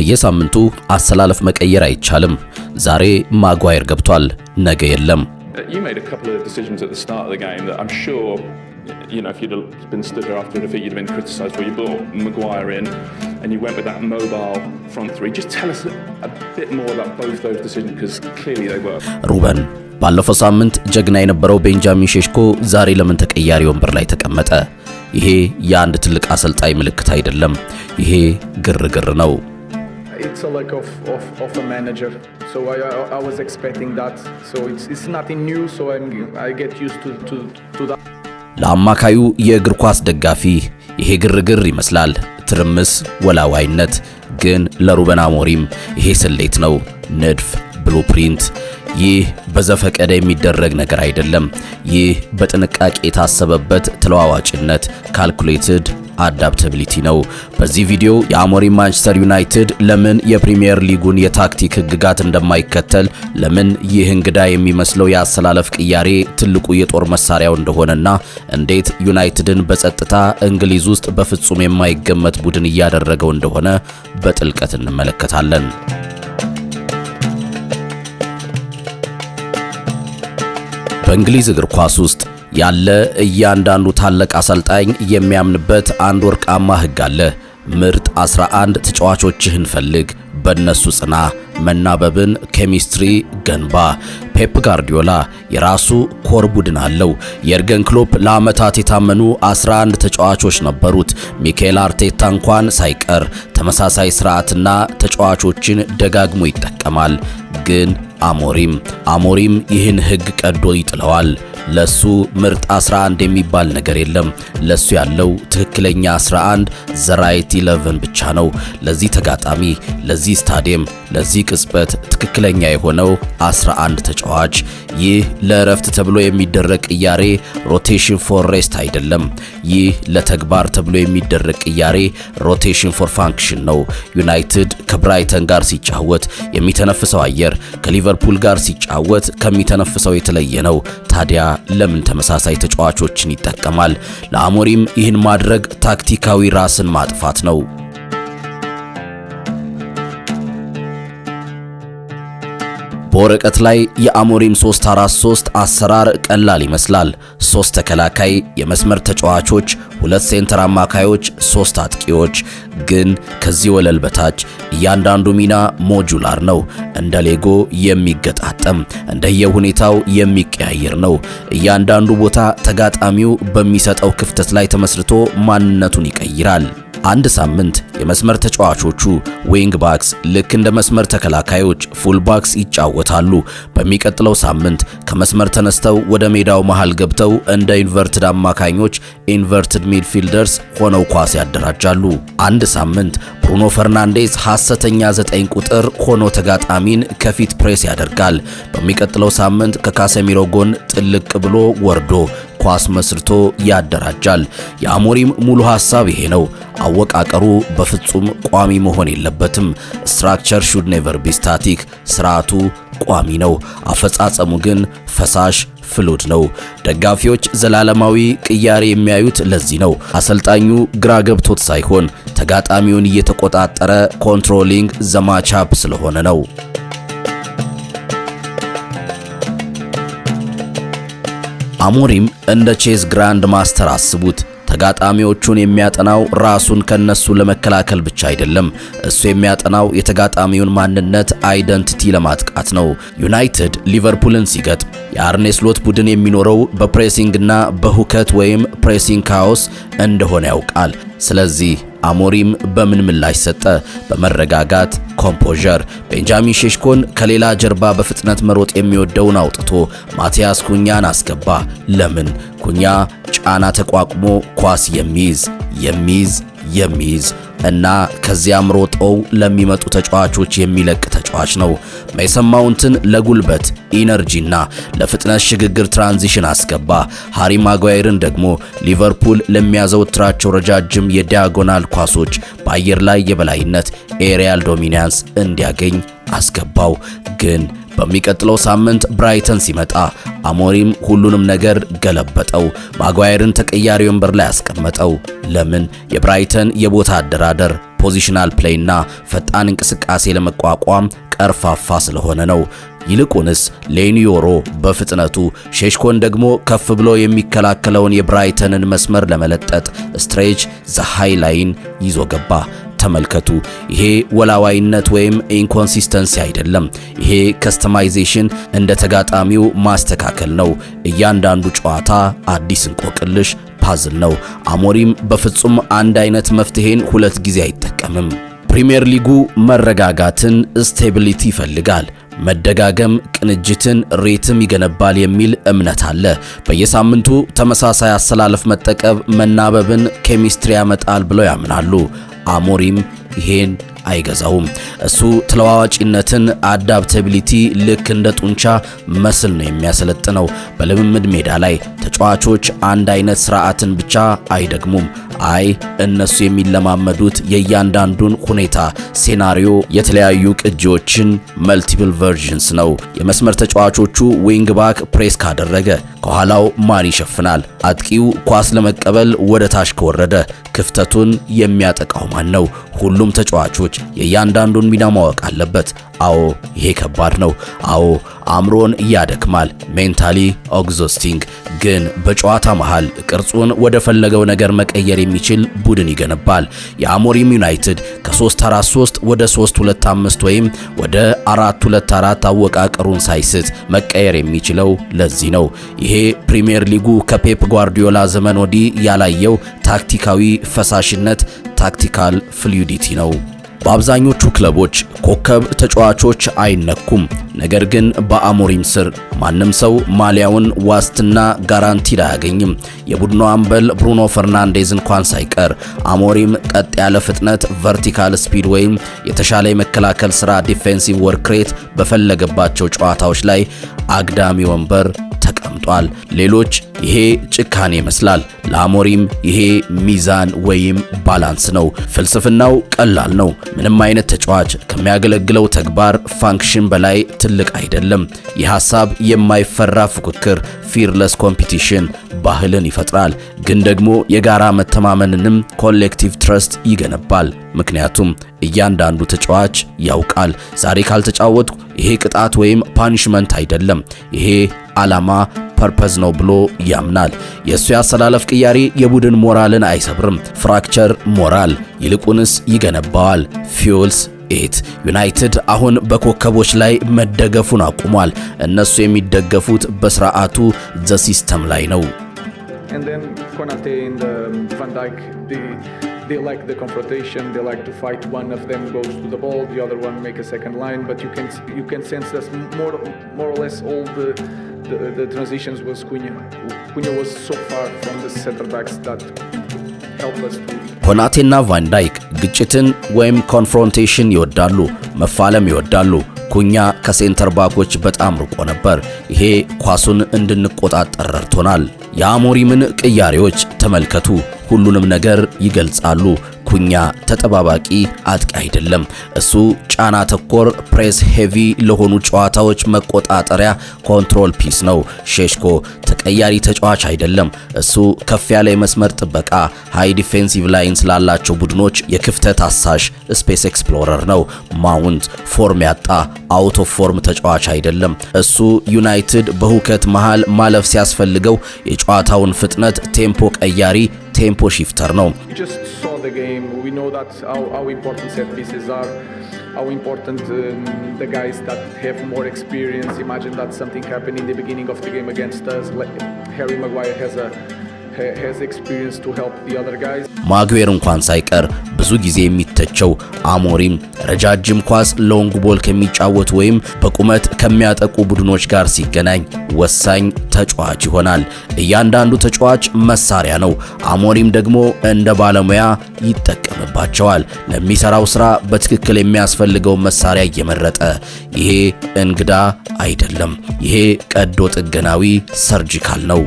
በየሳምንቱ አሰላለፍ መቀየር አይቻልም። ዛሬ ማጓየር ገብቷል፣ ነገ የለም። ሩበን uh, ባለፈው ሳምንት ጀግና የነበረው ቤንጃሚን ሼሽኮ ዛሬ ለምን ተቀያሪ ወንበር ላይ ተቀመጠ? ይሄ የአንድ ትልቅ አሰልጣኝ ምልክት አይደለም። ይሄ ግርግር ነው። it's a lack of, of, of a manager. So I, I, I, was expecting that. So it's, it's nothing new, so I'm, I get used to, to, to that. ለአማካዩ የእግር ኳስ ደጋፊ ይሄ ግርግር ይመስላል ትርምስ፣ ወላዋይነት። ግን ለሩበን አሞሪም ይሄ ስሌት ነው፣ ንድፍ፣ ብሉፕሪንት ይህ በዘፈቀደ የሚደረግ ነገር አይደለም። ይህ በጥንቃቄ የታሰበበት ተለዋዋጭነት ካልኩሌትድ አዳፕታቢሊቲ ነው። በዚህ ቪዲዮ የአሞሪም ማንቸስተር ዩናይትድ ለምን የፕሪሚየር ሊጉን የታክቲክ ህግጋት እንደማይከተል፣ ለምን ይህ እንግዳ የሚመስለው የአሰላለፍ ቅያሬ ትልቁ የጦር መሳሪያው እንደሆነና እንዴት ዩናይትድን በጸጥታ እንግሊዝ ውስጥ በፍጹም የማይገመት ቡድን እያደረገው እንደሆነ በጥልቀት እንመለከታለን። በእንግሊዝ እግር ኳስ ውስጥ ያለ እያንዳንዱ ታላቅ አሰልጣኝ የሚያምንበት አንድ ወርቃማ ሕግ አለ። ምርጥ 11 ተጫዋቾችህን ፈልግ፣ በእነሱ ጽና፣ መናበብን ኬሚስትሪ ገንባ። ፔፕ ጋርዲዮላ የራሱ ኮር ቡድን አለው። የርገን ክሎፕ ለዓመታት የታመኑ 11 ተጫዋቾች ነበሩት። ሚካኤል አርቴታ እንኳን ሳይቀር ተመሳሳይ ስርዓትና ተጫዋቾችን ደጋግሞ ይጠቀማል። ግን አሞሪም አሞሪም ይህን ህግ ቀዶ ይጥለዋል። ለሱ ምርጥ 11 የሚባል ነገር የለም። ለሱ ያለው ትክክለኛ 11 ዘራይት 11 ብቻ ነው። ለዚህ ተጋጣሚ፣ ለዚህ ስታዲየም፣ ለዚህ ቅጽበት ትክክለኛ የሆነው 11 ተጫዋች። ይህ ለእረፍት ተብሎ የሚደረግ ቅያሬ ሮቴሽን ፎር ሬስት አይደለም። ይህ ለተግባር ተብሎ የሚደረግ ቅያሬ ሮቴሽን ፎር ፋንክሽን ነው። ዩናይትድ ከብራይተን ጋር ሲጫወት የሚተነፍሰው አየር ከሊቨርፑል ጋር ሲጫወት ከሚተነፍሰው የተለየ ነው። ታዲያ ለምን ተመሳሳይ ተጫዋቾችን ይጠቀማል? ለአሞሪም ይህን ማድረግ ታክቲካዊ ራስን ማጥፋት ነው። በወረቀት ላይ የአሞሪም 343 አሰራር ቀላል ይመስላል። ሶስት ተከላካይ የመስመር ተጫዋቾች፣ ሁለት ሴንተር አማካዮች፣ ሶስት አጥቂዎች። ግን ከዚህ ወለል በታች እያንዳንዱ ሚና ሞጁላር ነው፣ እንደ ሌጎ የሚገጣጠም እንደየሁኔታው የሚቀያየር ነው። እያንዳንዱ ቦታ ተጋጣሚው በሚሰጠው ክፍተት ላይ ተመስርቶ ማንነቱን ይቀይራል። አንድ ሳምንት የመስመር ተጫዋቾቹ ዊንግ ባክስ ልክ እንደ መስመር ተከላካዮች፣ ፉል ባክስ ይጫወ ይጫወታሉ። በሚቀጥለው ሳምንት ከመስመር ተነስተው ወደ ሜዳው መሃል ገብተው እንደ ኢንቨርትድ አማካኞች ኢንቨርትድ ሚድፊልደርስ ሆነው ኳስ ያደራጃሉ። አንድ ሳምንት ብሩኖ ፈርናንዴዝ ሐሰተኛ ዘጠኝ ቁጥር ሆኖ ተጋጣሚን ከፊት ፕሬስ ያደርጋል። በሚቀጥለው ሳምንት ከካሰሚሮ ጎን ጥልቅ ብሎ ወርዶ ኳስ መስርቶ ያደራጃል። የአሞሪም ሙሉ ሐሳብ ይሄ ነው። አወቃቀሩ በፍጹም ቋሚ መሆን የለበትም። ስትራክቸር ሹድ ኔቨር ቢ ስታቲክ። ስርዓቱ ቋሚ ነው፣ አፈጻጸሙ ግን ፈሳሽ ፍሉድ ነው። ደጋፊዎች ዘላለማዊ ቅያሬ የሚያዩት ለዚህ ነው። አሰልጣኙ ግራ ገብቶት ሳይሆን ተጋጣሚውን እየተቆጣጠረ ኮንትሮሊንግ ዘማቻፕ ስለሆነ ነው። አሞሪም እንደ ቼዝ ግራንድ ማስተር አስቡት። ተጋጣሚዎቹን የሚያጠናው ራሱን ከነሱ ለመከላከል ብቻ አይደለም። እሱ የሚያጠናው የተጋጣሚውን ማንነት አይደንቲቲ ለማጥቃት ነው። ዩናይትድ ሊቨርፑልን ሲገጥም የአርኔ ስሎት ቡድን የሚኖረው በፕሬሲንግና በሁከት ወይም ፕሬሲንግ ካዎስ እንደሆነ ያውቃል። ስለዚህ አሞሪም በምን ምላሽ ሰጠ? በመረጋጋት ኮምፖዠር። ቤንጃሚን ሼሽኮን ከሌላ ጀርባ በፍጥነት መሮጥ የሚወደውን አውጥቶ ማቲያስ ኩኛን አስገባ። ለምን? ኩኛ ጫና ተቋቁሞ ኳስ የሚይዝ የሚይዝ የሚይዝ እና ከዚያም ሮጠው ለሚመጡ ተጫዋቾች የሚለቅ ተጫዋች ነው። ሜሰን ማውንትን ለጉልበት ኢነርጂና ለፍጥነት ሽግግር ትራንዚሽን አስገባ። ሃሪ ማጓየርን ደግሞ ሊቨርፑል ለሚያዘወትራቸው ረጃጅም የዲያጎናል ኳሶች በአየር ላይ የበላይነት ኤሪያል ዶሚናንስ እንዲያገኝ አስገባው። ግን በሚቀጥለው ሳምንት ብራይተን ሲመጣ አሞሪም ሁሉንም ነገር ገለበጠው። ማጓየርን ተቀያሪ ወንበር ላይ አስቀመጠው። ለምን? የብራይተን የቦታ አደራደር ፖዚሽናል ፕሌይ ፈጣን እንቅስቃሴ ለመቋቋም ቀርፋፋ ስለሆነ ነው። ይልቁንስ ሌኒዮሮ በፍጥነቱ ሼሽኮን ደግሞ ከፍ ብሎ የሚከላከለውን የብራይተንን መስመር ለመለጠጥ ስትሬች ላይን ይዞ ገባ። ተመልከቱ። ይሄ ወላዋይነት ወይም ኢንኮንሲስተንሲ አይደለም። ይሄ ከስተማይዜሽን እንደ ተጋጣሚው ማስተካከል ነው። እያንዳንዱ ጨዋታ አዲስ እንቆቅልሽ ፓዝል ነው። አሞሪም በፍጹም አንድ አይነት መፍትሄን ሁለት ጊዜ አይጠቀምም። ፕሪሚየር ሊጉ መረጋጋትን፣ ስቴቢሊቲ ይፈልጋል። መደጋገም ቅንጅትን፣ ሬትም ይገነባል የሚል እምነት አለ። በየሳምንቱ ተመሳሳይ አሰላለፍ መጠቀም መናበብን ኬሚስትሪ ያመጣል ብለው ያምናሉ። አሞሪም ይሄን አይገዛውም። እሱ ተለዋዋጭነትን አዳፕተቢሊቲ ልክ እንደ ጡንቻ መስል ነው የሚያሰለጥነው። በልምምድ ሜዳ ላይ ተጫዋቾች አንድ አይነት ስርዓትን ብቻ አይደግሙም። አይ እነሱ የሚለማመዱት የእያንዳንዱን ሁኔታ ሴናሪዮ የተለያዩ ቅጂዎችን መልቲፕል ቨርዥንስ ነው። የመስመር ተጫዋቾቹ ዊንግ ባክ ፕሬስ ካደረገ ከኋላው ማን ይሸፍናል? አጥቂው ኳስ ለመቀበል ወደ ታች ከወረደ ክፍተቱን የሚያጠቃው ማን ነው? ሁሉም ተጫዋቾች የእያንዳንዱን ሚና ማወቅ አለበት። አዎ ይሄ ከባድ ነው። አዎ አእምሮን ያደክማል። ሜንታሊ ኦግዞስቲንግ ግን በጨዋታ መሃል ቅርጹን ወደ ፈለገው ነገር መቀየር የሚችል ቡድን ይገነባል። የአሞሪም ዩናይትድ ከ343 ወደ 325 ወይም ወደ 424 አወቃቀሩን ሳይስት መቀየር የሚችለው ለዚህ ነው። ይሄ ፕሪሚየር ሊጉ ከፔፕ ጓርዲዮላ ዘመን ወዲህ ያላየው ታክቲካዊ ፈሳሽነት ታክቲካል ፍሉዲቲ ነው። በአብዛኞቹ ክለቦች ኮከብ ተጫዋቾች አይነኩም። ነገር ግን በአሞሪም ስር ማንም ሰው ማሊያውን ዋስትና ጋራንቲድ አያገኝም። የቡድኑ አምበል ብሩኖ ፈርናንዴዝ እንኳን ሳይቀር አሞሪም ቀጥ ያለ ፍጥነት ቨርቲካል ስፒድ ወይም የተሻለ የመከላከል ስራ ዲፌንሲቭ ወርክሬት በፈለገባቸው ጨዋታዎች ላይ አግዳሚ ወንበር ተቀምጧል። ሌሎች ይሄ ጭካኔ ይመስላል፣ ለአሞሪም ይሄ ሚዛን ወይም ባላንስ ነው። ፍልስፍናው ቀላል ነው። ምንም አይነት ተጫዋች ከሚያገለግለው ተግባር ፋንክሽን በላይ ትልቅ አይደለም። የሐሳብ የማይፈራ ፉክክር ፊርለስ ኮምፒቲሽን ባህልን ይፈጥራል፣ ግን ደግሞ የጋራ መተማመንንም ኮሌክቲቭ ትረስት ይገነባል። ምክንያቱም እያንዳንዱ ተጫዋች ያውቃል ዛሬ ካልተጫወትኩ ይሄ ቅጣት ወይም ፓኒሽመንት አይደለም፣ ይሄ ዓላማ ፐርፐዝ ነው ብሎ ያምናል። የእሱ የአሰላለፍ ቅያሬ የቡድን ሞራልን አይሰብርም፣ ፍራክቸር ሞራል ይልቁንስ ይገነባዋል ፊውልስ ኤት ዩናይትድ አሁን በኮከቦች ላይ መደገፉን አቁሟል። እነሱ የሚደገፉት በስርዓቱ ዘ ሲስተም ላይ ነው። ትራንዚሽንስ ኮናቴና ቫንዳይክ ግጭትን ወይም ኮንፍሮንቴሽን ይወዳሉ፣ መፋለም ይወዳሉ። ኩኛ ከሴንተር ባኮች በጣም ርቆ ነበር። ይሄ ኳሱን እንድንቆጣጠር ረድቶናል። የአሞሪምን ቅያሬዎች ተመልከቱ። ሁሉንም ነገር ይገልጻሉ። ኩኛ ተጠባባቂ አጥቂ አይደለም። እሱ ጫና ተኮር ፕሬስ ሄቪ ለሆኑ ጨዋታዎች መቆጣጠሪያ ኮንትሮል ፒስ ነው። ሼሽኮ ተቀያሪ ተጫዋች አይደለም። እሱ ከፍ ያለ የመስመር ጥበቃ ሃይ ዲፌንሲቭ ላይን ስላላቸው ቡድኖች የክፍተት አሳሽ ስፔስ ኤክስፕሎረር ነው። ማውንት ፎርም ያጣ አውት ኦፍ ፎርም ተጫዋች አይደለም። እሱ ዩናይትድ በሁከት መሃል ማለፍ ሲያስፈልገው የጨዋታውን ፍጥነት ቴምፖ ቀያሪ ቴምፖ ሺፍተር ነው። of the game. We know that how, how important set pieces are, how important um, the guys that have more experience. Imagine that something happened in the beginning of the game against us. Like Harry Maguire has a ማግዌር እንኳን ሳይቀር ብዙ ጊዜ የሚተቸው አሞሪም ረጃጅም ኳስ ሎንግ ቦል ከሚጫወቱ ወይም በቁመት ከሚያጠቁ ቡድኖች ጋር ሲገናኝ ወሳኝ ተጫዋች ይሆናል። እያንዳንዱ ተጫዋች መሳሪያ ነው። አሞሪም ደግሞ እንደ ባለሙያ ይጠቀምባቸዋል። ለሚሰራው ስራ በትክክል የሚያስፈልገው መሳሪያ እየመረጠ ይሄ እንግዳ አይደለም። ይሄ ቀዶ ጥገናዊ ሰርጂካል ነው።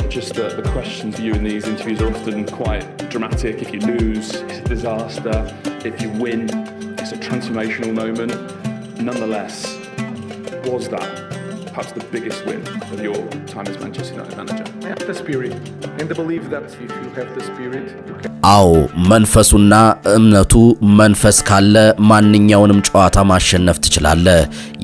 conscious that the questions for you in these interviews are often quite dramatic. If you lose, it's a disaster. If you win, it's a transformational moment. Nonetheless, was that perhaps the biggest win of your time as Manchester United manager? The spirit and the belief that if you have the spirit, you can... አዎ መንፈሱና እምነቱ። መንፈስ ካለ ማንኛውንም ጨዋታ ማሸነፍ ትችላለ።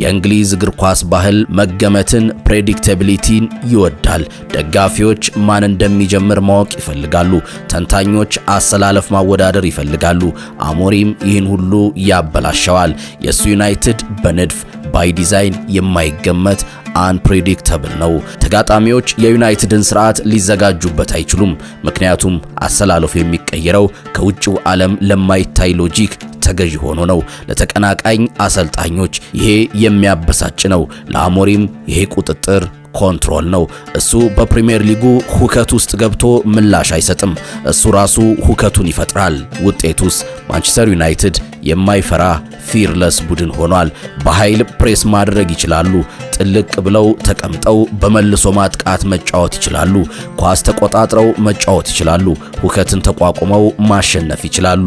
የእንግሊዝ እግር ኳስ ባህል መገመትን፣ ፕሬዲክተቢሊቲን ይወዳል። ደጋፊዎች ማን እንደሚጀምር ማወቅ ይፈልጋሉ። ተንታኞች አሰላለፍ ማወዳደር ይፈልጋሉ። አሞሪም ይህን ሁሉ ያበላሸዋል። የእሱ ዩናይትድ በንድፍ ባይ ዲዛይን የማይገመት አንፕሬዲክተብል ነው። ተጋጣሚዎች የዩናይትድን ስርዓት ሊዘጋጁበት አይችሉም። ምክንያቱም አሰላለፉ የሚቀየረው ከውጭው ዓለም ለማይታይ ሎጂክ ተገዥ ሆኖ ነው። ለተቀናቃኝ አሰልጣኞች ይሄ የሚያበሳጭ ነው። ለአሞሪም ይሄ ቁጥጥር ኮንትሮል ነው። እሱ በፕሪሚየር ሊጉ ሁከት ውስጥ ገብቶ ምላሽ አይሰጥም። እሱ ራሱ ሁከቱን ይፈጥራል። ውጤቱስ ማንቸስተር ዩናይትድ የማይፈራ ፊርለስ ቡድን ሆኗል። በኃይል ፕሬስ ማድረግ ይችላሉ። ጥልቅ ብለው ተቀምጠው በመልሶ ማጥቃት መጫወት ይችላሉ። ኳስ ተቆጣጥረው መጫወት ይችላሉ። ሁከትን ተቋቁመው ማሸነፍ ይችላሉ።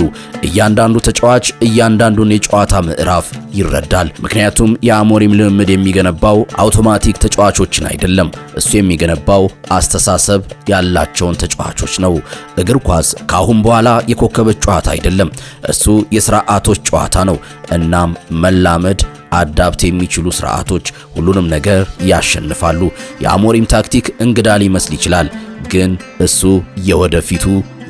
እያንዳንዱ ተጫዋች እያንዳንዱን የጨዋታ ምዕራፍ ይረዳል። ምክንያቱም የአሞሪም ልምምድ የሚገነባው አውቶማቲክ ተጫዋቾችን አይደለም። እሱ የሚገነባው አስተሳሰብ ያላቸውን ተጫዋቾች ነው። እግር ኳስ ከአሁን በኋላ የኮከበች ጨዋታ አይደለም። እሱ የስርዓቶች ጨዋታ ነው። እናም መላመድ አዳብት የሚችሉ ስርዓቶች ሁሉንም ነገር ያሸንፋሉ። የአሞሪም ታክቲክ እንግዳ ሊመስል ይችላል፣ ግን እሱ የወደፊቱ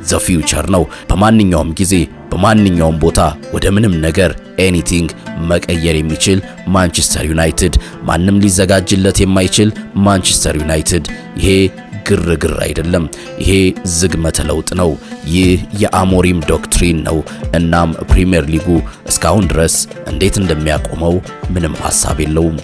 ዘ ፊውቸር ነው። በማንኛውም ጊዜ በማንኛውም ቦታ ወደ ምንም ነገር ኤኒቲንግ መቀየር የሚችል ማንቸስተር ዩናይትድ፣ ማንም ሊዘጋጅለት የማይችል ማንቸስተር ዩናይትድ። ይሄ ግርግር አይደለም። ይሄ ዝግመተ ለውጥ ነው። ይህ የአሞሪም ዶክትሪን ነው። እናም ፕሪሚየር ሊጉ እስካሁን ድረስ እንዴት እንደሚያቆመው ምንም ሐሳብ የለውም።